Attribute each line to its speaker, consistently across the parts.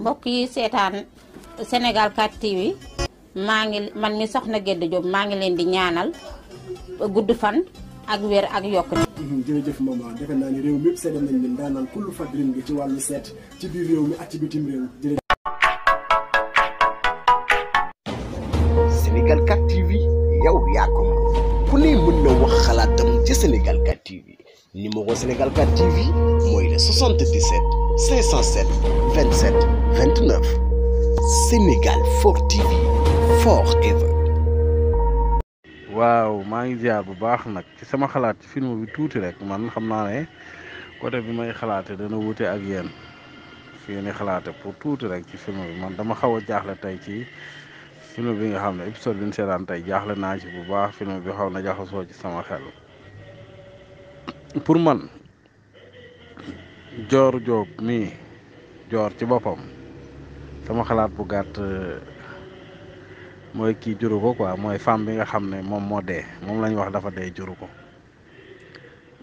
Speaker 1: mbokk yi seetaan Sénégal 4 TV maa ngi man mi soxna Gédd Diop maa ngi leen di ñaanal gudd fan ak wér ak
Speaker 2: yokkute. jërëjëf maman defe naa gi ci wàllu seet ci biir réew mi ci bitim réew jërëjëf. Sénégal
Speaker 3: 4 TV yow yaa ko ku ne mën na wax xalaat. ci Sénégal 4 TV
Speaker 2: numéro Sénégal 4 TV mooy le 77 507 27 Sénégal 4 TV forever. waaw maa ngi ziar bu baax nag ci sama xalaat ci film bi tuuti rek man xam naa ne côté bi may xalaate dana wute ak yéen fi ni xalaate pour tuuti rek ci film bi man dama xaw a jaaxle tey ci film bi nga xam ne épisode bi ñu seetaan tey jaaxle naa ci bu baax film bi xaw na jaxasoo ci sama xel pour man Dior Diop mii joor ci boppam sama xalaat bu gàtt euh, mooy kii juru ko quoi mooy femme bi nga xam ne moom moo dee moom lañ wax dafa dee juru ko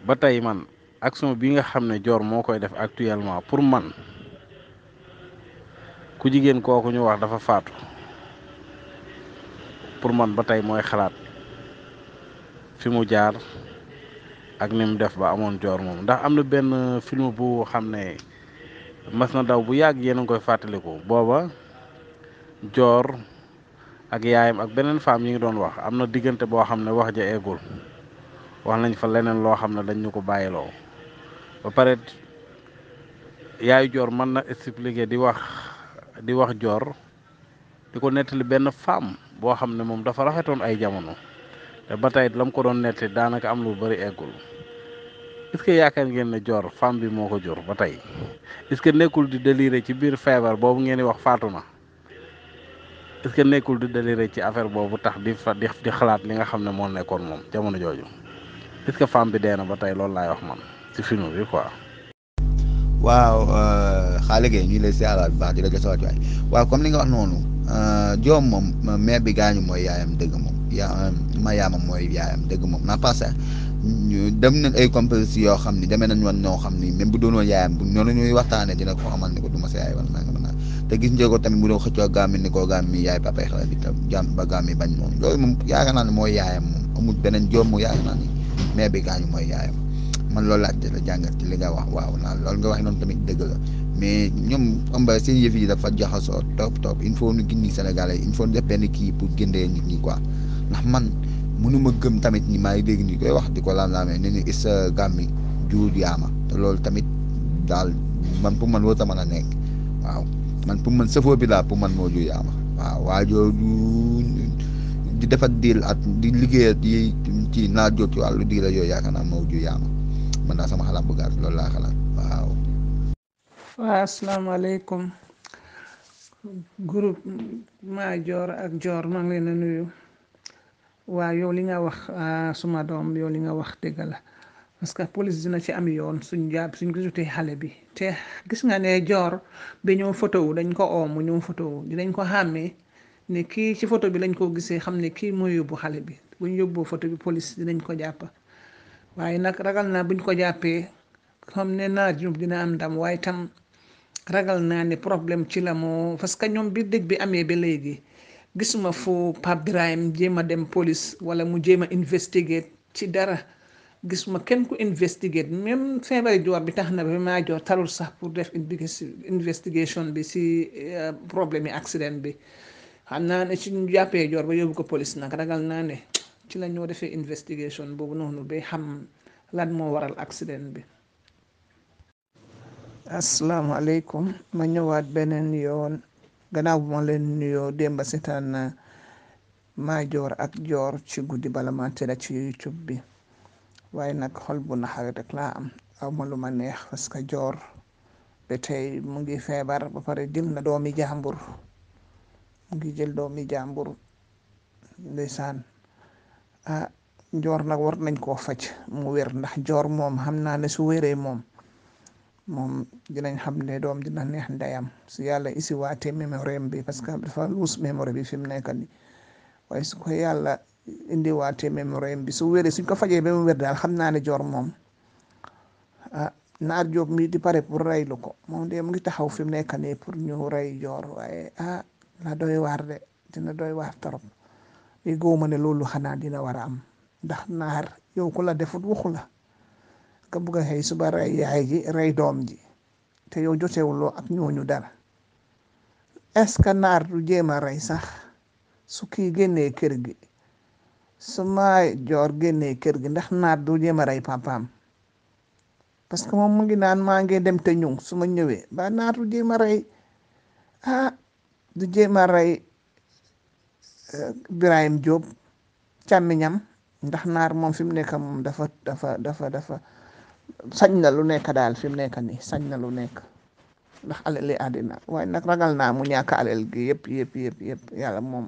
Speaker 2: ba tey man action bi nga xam ne joor moo koy def actuellement pour man ku jigéen kooku ñu wax dafa faatu pour man ba tey mooy xalaat fi mu jaar ak ni def ba amoon joor moom ndax am na benn film bu xam ne mas na daw bu yàgg yéen a ngi koy fàttaliku booba joor ak yaayam ak beneen femme yi ngi doon wax am na diggante boo xam ne wax ja eggul wax nañ fa leneen loo xam ne dañ ñu ko bàyyiloo ba pare yaayu joor mën na expliquer di wax di wax joor di ko nettali benn femme boo xam ne moom dafa rafetoon ay jamono te ba tey lam ko doon netti daanaka am lu bëri eggul est-ce que yaakaar ngeen ne joor femme bi moo ko jur ba tey est-ce que nekkul di déliré ci biir feebar boobu ngeen di wax faatu na est-ce nekkul di déliré ci affaire boobu tax di fa di xalaat li nga xam ne moo nekkoon moom jamono jooju est-ce femme bi dee na ba tey loolu laay wax man ci film bi quoi.
Speaker 3: waaw euh, xaale gi ñu lay siyaaraat bu baax di la jox sa waay waaw comme li nga wax noonu joom euh, moom mère bi gaañu mooy yaayam dëgg moom. yaa mayaamam mooy yaayam dëgg moom naa passé dem na ay compétitions yoo xam ni deme nañ woon ñoo xam ni même bu doon woon yaayam bu noonu ñuy waxtaanee dina ko xamal ni ko du ma sa yaay wala naa nga te gis njëkko tamit mu doon xëccoo gaam mi ni ko gaam mi ba gaam mi bañ moom loolu moom mooy yaayam moom amul beneen joom mu yaakaar mais bi mooy yaayam man loolu laa jël jàngat ci li nga wax waaw naa loolu nga wax noonu tamit dëgg la mais ñoom amba seen yëf yi dafa jaxasoo topp topp il faut ñu gindi Sénégalais il faut def benn kii pour géndee nit ñi quoi ndax man mënuma gëm tamit ni maay dégg ni koy wax di ko laam-laamee ne ni is gàmmi juut yaama te loolu tamit dal man pour man wota mën a nekk waaw man pour man safoo bi laa pour man moo ju yaama waaw waajoo di defat diil at di liggéeyal yi ci naa jot ci wàllu diila yooyu yaakaar naa moo ju yaama man daa sama xalaat bu gàtt loolu laa xalaat waaw
Speaker 4: waa asalaamaaleykum groupe maa ak joor maa ngi nuyu waaw yow li nga wax ah, suma doom yow li nga wax dëgg la parce que police dina ci am yoon suñ jàpp suñ gisutee xale bi te gis nga ne joor bi ñoo photo wu dañ ko oomu ñoo photo wu dinañ ko xàmmee ne kii ci photo bi lañ ko gisee xam ne kii mooy yóbbu xale bi buñ yóbboo photo bi police dinañ ko jàpp waaye nag ragal naa buñ ko jàppee xam ne naa jub dina am ndam waaye tam ragal naa ne problème ci la moo parce que ñoom bi dëj bi amee ba léegi gisuma fu Pape Birahim jéem a dem police wala mu jéem a investigate ci dara gisuma kenn ku investigate même feebari joor bi tax na ba maa joor tarul sax pour def investigation bi si euh, problème yi accident bi xam naa ne ci ñu jàppee joor ba yóbbu ko police nag ragal naa ne ci la ñoo defee investigation boobu noonu ba xam lan moo waral accident bi asalaamaaleykum ma ñëwaat beneen yoon gannaaw bu ma leen nuyoo démb seetaan na maajoor ak joor ci guddi bala ma tëdda ci youtube bi waaye nag xol bu naxari rek laa am aw ma lu neex parce que joor ba tey mu ngi feebar ba pare jël na doomi jàmbur mu ngi jël doomi jàmbur ndeysaan a ah, joor nag war nañ koo faj mu wér ndax joor moom xam naa ne su wéree moom moom dinañ xam ne doom dina neex ndeyam su yàlla isi waatee mémoire bi parce que dafa luus mémoire bi fi mu nekk nii waaye su ko yàlla indi waatee mémoire bi su wéree suñ ko fajee ba mu wér daal xam naa ne joor moom ah naar joob mi di pare pour rey lu ko moom de mu ngi taxaw fi mu nekk nii pour ñu rey joor waaye ah la doy waar de dina doy waar trop i góob ma ne loolu xanaa dina war a am ndax naar yow ku la defut waxu la. ka bugg a xëy suba rey yaay ji rey doom ji te yow jotewuloo ak ñooñu dara est ce que naar du jéem rey sax su kii génnee kër su maa joor génnee kër gi ndax naar du jéem a rey papaam parce que moom mu ngi naan maa ngi dem te ñu su ma ñëwee ba naar du jéem rey ah du jéem a rey euh, Birahim Diop càmmiñam ndax naar moom fi mu nekk moom dafa dafa dafa dafa sañ na lu nekk daal fi nekk ni sañ na lu nekk ndax alali àddina waaye nag ragal naa mu ñàkk alal gi yëpp yëpp yëpp yàlla moom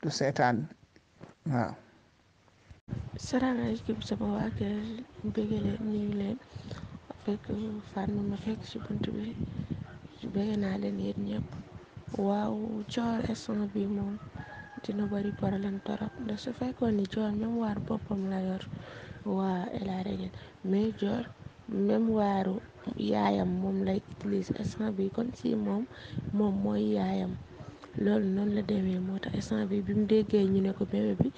Speaker 4: du seetaan waaw.
Speaker 1: salaamaaleykum képp sama waa kër bëgg leen nuyu bi naa leen yéen moom dina bari problème torop da su fekkoon ni coor même waar boppam la yor waa El Hadj mais joor. même waaru yaayam moom la utilise instant bi kon si moom moom mooy yaayam loolu noonu la demee moo tax instant bi bi mu déggee ñu ne ko bébé bi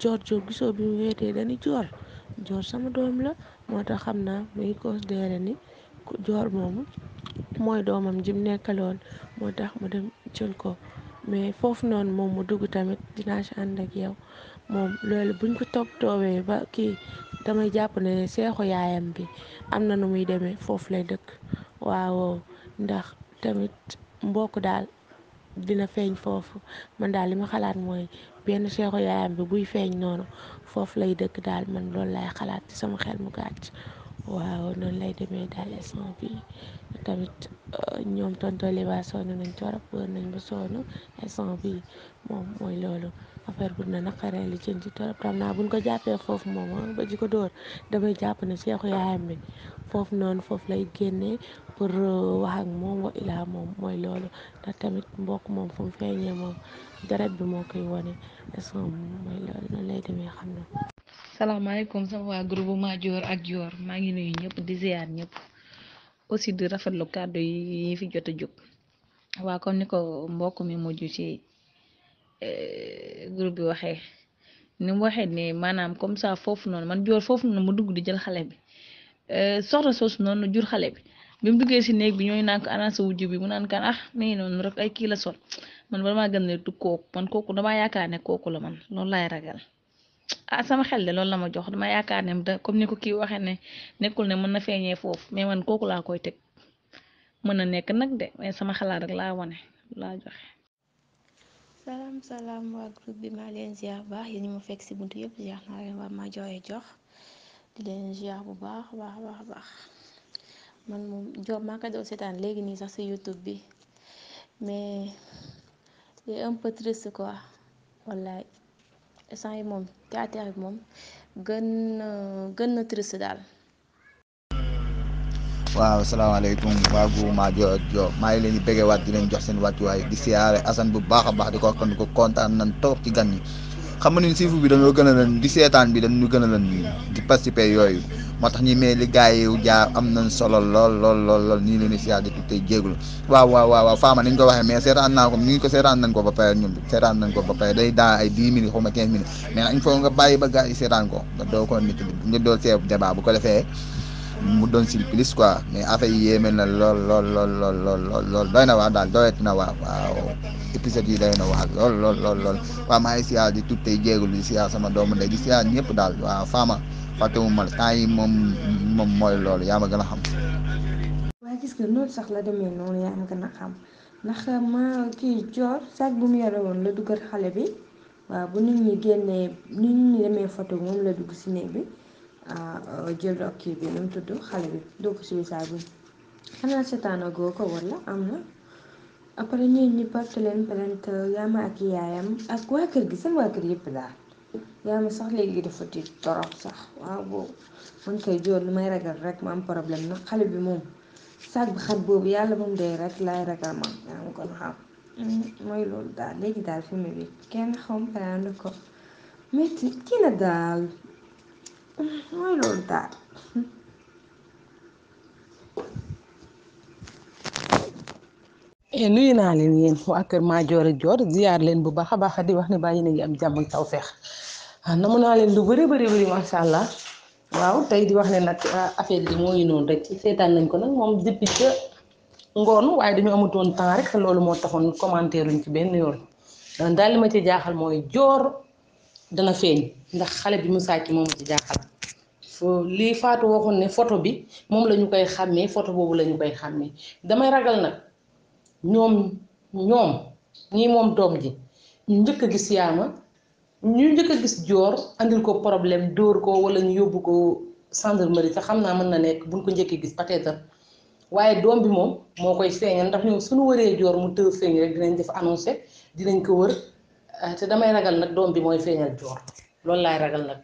Speaker 1: joor joor gisoo bi mu weetee dañu joor joor sama doom la moo tax xam naa muy considéré ni joor moomu mooy doomam jim nekkaloon moo tax mu dem jël ko mais foofu noonu moom mu dugg tamit dinaa ci ànd ak yow moom loolu buñ ko topp toowee ba kii damay jàpp ne seexu yaayam bi am na nu muy demee foofu lay dëkk waaw ndax tamit mbokk daal dina feeñ foofu man daal li ma xalaat mooy benn seexu yaayam bi buy feeñ noonu foofu lay dëkk daal man loolu lay xalaat ci sama xel mu gàtt waaw noonu lay demee daal instant bi tamit euh, ñoom tonton Liba sonn nañ torop wër nañ ba sonn bi moom mooy loolu affaire bu na naqaree li jën ci torop xam naa buñ ko jàppee foofu moom ah, ba ji ko dóor damay jàpp ne seexu yaayam bi foofu noonu foofu lay génnee pour euh, wax moom wa ilaa moom mooy loolu ndax tamit mbokk moom fu mu feeñee moom deret bi moo koy wone est que mooy loolu noonu lay demee xam na sax sama waa groupement Dior ak Dior maa ngi ñëpp di ziar ñëpp aussi di rafetlu kàddu yi fi jot a jóg waa comme ni ko mbokk mi mujj ci groupe bi waxee ni mu waxee ne maanaam comme ça foofu noonu man joor foofu noonu mu dugg di jël xale bi euh, soxna soosu noonu jur xale bi bi duggee si néeg bi ñooy naan ko ana sa wujju bi mu naan kan ah mais noonu rek kii la sol man bala maa gëm ne du man kooku damaa yaakaar ne kooku la man loolu laay ragal ah sama xel de loolu la ma jox dama yaakaar ne da comme ni ko kii waxee ne nekkul ne mën na feeñee foofu mais man kooku laa koy teg mën na nekk nag de mais sama xalaat rek laa wane laa joxe. salaam salaam waa groupe bi maa leen ziar baax yéen ñu ma fekk si buntu yëpp ziar naa leen waa maa jooye jox di leen ziar bu baax baax baax baax man moom jox maa ko doon seetaan léegi nii sax si YouTube bi mais c'est un peu triste quoi wallaay instant yi moom théâtre bi moom gën na gën na triste daal.
Speaker 3: waaw salaamaaleykum waa Gouma Dior maa ngi leen di bëggewaat di leen jox seen wàccuwaay di siyaare Assane bu baax a baax di ko wax ko kontaan nan toog ci gan yi xam nga ni siifu bi dañoo gën a leen di seetaan bi dañu gën a leen di participer yooyu moo tax ñi mais li gars am nañ solo lool lool lool lool nii leen di siyaar di tey jéeglu waaw waaw waaw waaw faama niñ ko waxee mais seetaan naa ko ni ñu ko seetaan nañ ko ba pare ñun seetaan nañ ko ba pare day daa ay 10 minutes xaw minutes mais nag il faut nga bàyyi ba gars yi seetaan ko nga doo ko nit nga bu ko defee mu doon surprise quoi mais affaire yi yéeme na lool lool lool lool lool lool lool na waar daal doyet na waar waaw épisode yi doy na waar lool lool lool ñëpp daal waaw faama fàttewu ma temps yi moom moom mooy loolu yaa ma gën a xam
Speaker 1: waaye gis nga noonu sax la demee noonu yaa ma gën a xam ndax ma kii joor sac bu mu yore woon la duggal xale bi waaw bu nit ñi génnee nit ñi demee photo moom la dugg si néeg bi Ah, ah, jël kii bi nu mu tudd xale bi dugg si bisaab bi xanaa seetaanagoo ko walla am na après ñooy ñu porte leen plainte yaama ak yaayam ak waa kër gi seen waa kër yëpp daal sax léegi dafa tiit torop sax waaw boobu man koy joor lu may ragal rek ma am problème na xale bi moom saag bi xat boobu yàlla moom day rek lay ragal man yaa ngi kon xam mm, mooy loolu daal léegi daal fi mu bi kenn comprendre ko métti kii na daal öyle olur da. nuyu naa leen yéen waa kër joor ak Dior ziar leen bu baax a baax di wax ne bàyyi na ngi am jàmm ak tawféex ah, namu naa leen lu bëri bëri bëri waaw tey di wax leen nag ah, affaire bi mooy noonu rek seetaan nañ ko nag moom depuis que ngoon waaye dañu amutoon temps rek loolu moo taxoon commentaire luñ ci benn yoon ah, daal li ma ci jaaxal mooy Dior. dana feeñ ndax xale bi mu sàcc moom ci jaaxal lii Fatou waxoon ne photo bi moom lañu koy xàmmee photo boobu lañu ñu koy xàmmee damay ragal nag ñoom ñoom ñii moom doom ji ñu njëkk a gis yaama ñu njëkk a gis joor andil ko problème dóor ko wala ñu yóbbu ko gendarmerie sax xam naa mën na nekk buñ ko njëkkee gis peut-être waaye doom bi moom moo koy feeñal ndax ñoom suñu waree joor mu tëw feeñ rek dinañ def annoncé dinañ ko wër Eh, te damay ragal nag doom bi mooy feeñal joor loolu laay ragal nag